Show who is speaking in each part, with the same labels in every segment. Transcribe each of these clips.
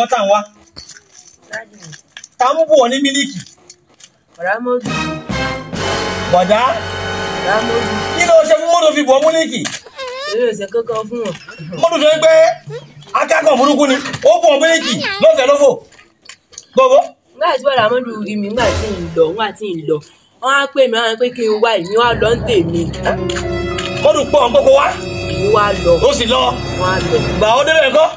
Speaker 1: ọmọ tá à ń wá. ta ń bù ọ ní mílíkì. bọ̀dá kí ló ṣe fún mọ́dù fi bọ̀ mílíkì. èyí ò ṣe kankan akẹ́kọ̀ọ́ burúkú ni ó bù ọ mílíkì lọ́fẹ̀ẹ́ lọ́fọ̀ gbogbo. nígbà tí bọ̀dá mọ́dù rí mi nígbà tí ì lọ nígbà tí ì lọ wọ́n á pè mí wọ́n á pè kí n wá ìmí wá lọ ń tèmi. mọ́dù pọ̀ ń gbogbo wá. ìmí wá lọ. ó sì lọ. wọ́n á lọ. gbà ó débẹ̀ ńkọ́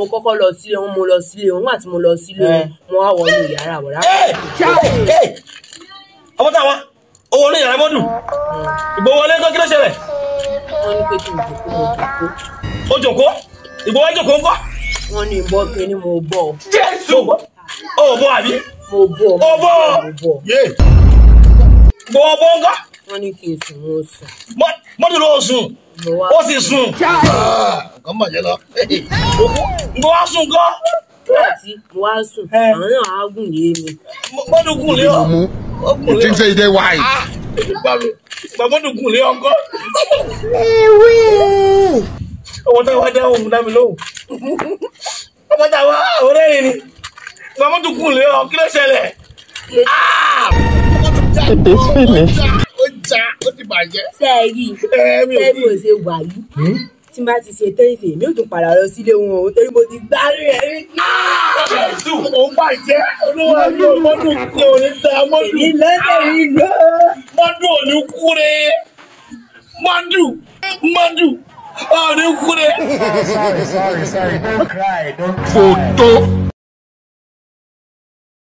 Speaker 1: mo kọ́kọ́ lọ sílé wọn mo lọ sílé wọn nígbà tí mo lọ sílé wọn eh. mo wá wọnú yàrá àwòrán. Eh, eh. ọmọ táwọn owó ní yàrá mọ́dù ìgbowọlé tó kí ló ṣẹlẹ̀. wọ́n ní pé kí n jòkó mo jòkó. o jòkó ìgbowó jòkó ń bọ̀. wọ́n ní ìbọn kí ni mo bọ̀. jésù o ò bọ àbí. mo bọ o bọ ìgbowó bọ́ ń gọ́. wọ́n ní kí n sùn mo sùn. mọ́tò ló sùn ó sì sùn nǹkan bàjẹ́ lọ. mo wá sùn gan. láti mo wá sùn àwọn náà á gùn lé gùn lé ọ. you think say you dey wise. gbàgbọ́dọ̀ gùn lé ọkọ. Ah, ewé. ọmọ táwa dá òun dá mi lóhùn. ọmọ táwa ọ̀rẹ́ rẹ̀ ni gbàgbọ́dọ̀ gùn lé ọ kí ló ṣẹlẹ̀. It is finished. Ó já ó ti bàjẹ́. Sẹ́ẹ̀rì sẹ́ẹ̀rì eh, ò ṣe wà yìí. Hmm? tí máa ti ṣe tẹ́yìntì mi ò tún padà lọ sílé wọn o torí mo ti gbá ẹ rí. jésù ó bàjẹ́ olówó ẹni ọmọdún kú òní ta mọ́dún. èyí lẹ́sẹ̀ yìí lọ. òní kúre mọ́dún mọ́dún òní kúre. sorry sorry sorry don't cry don't cry.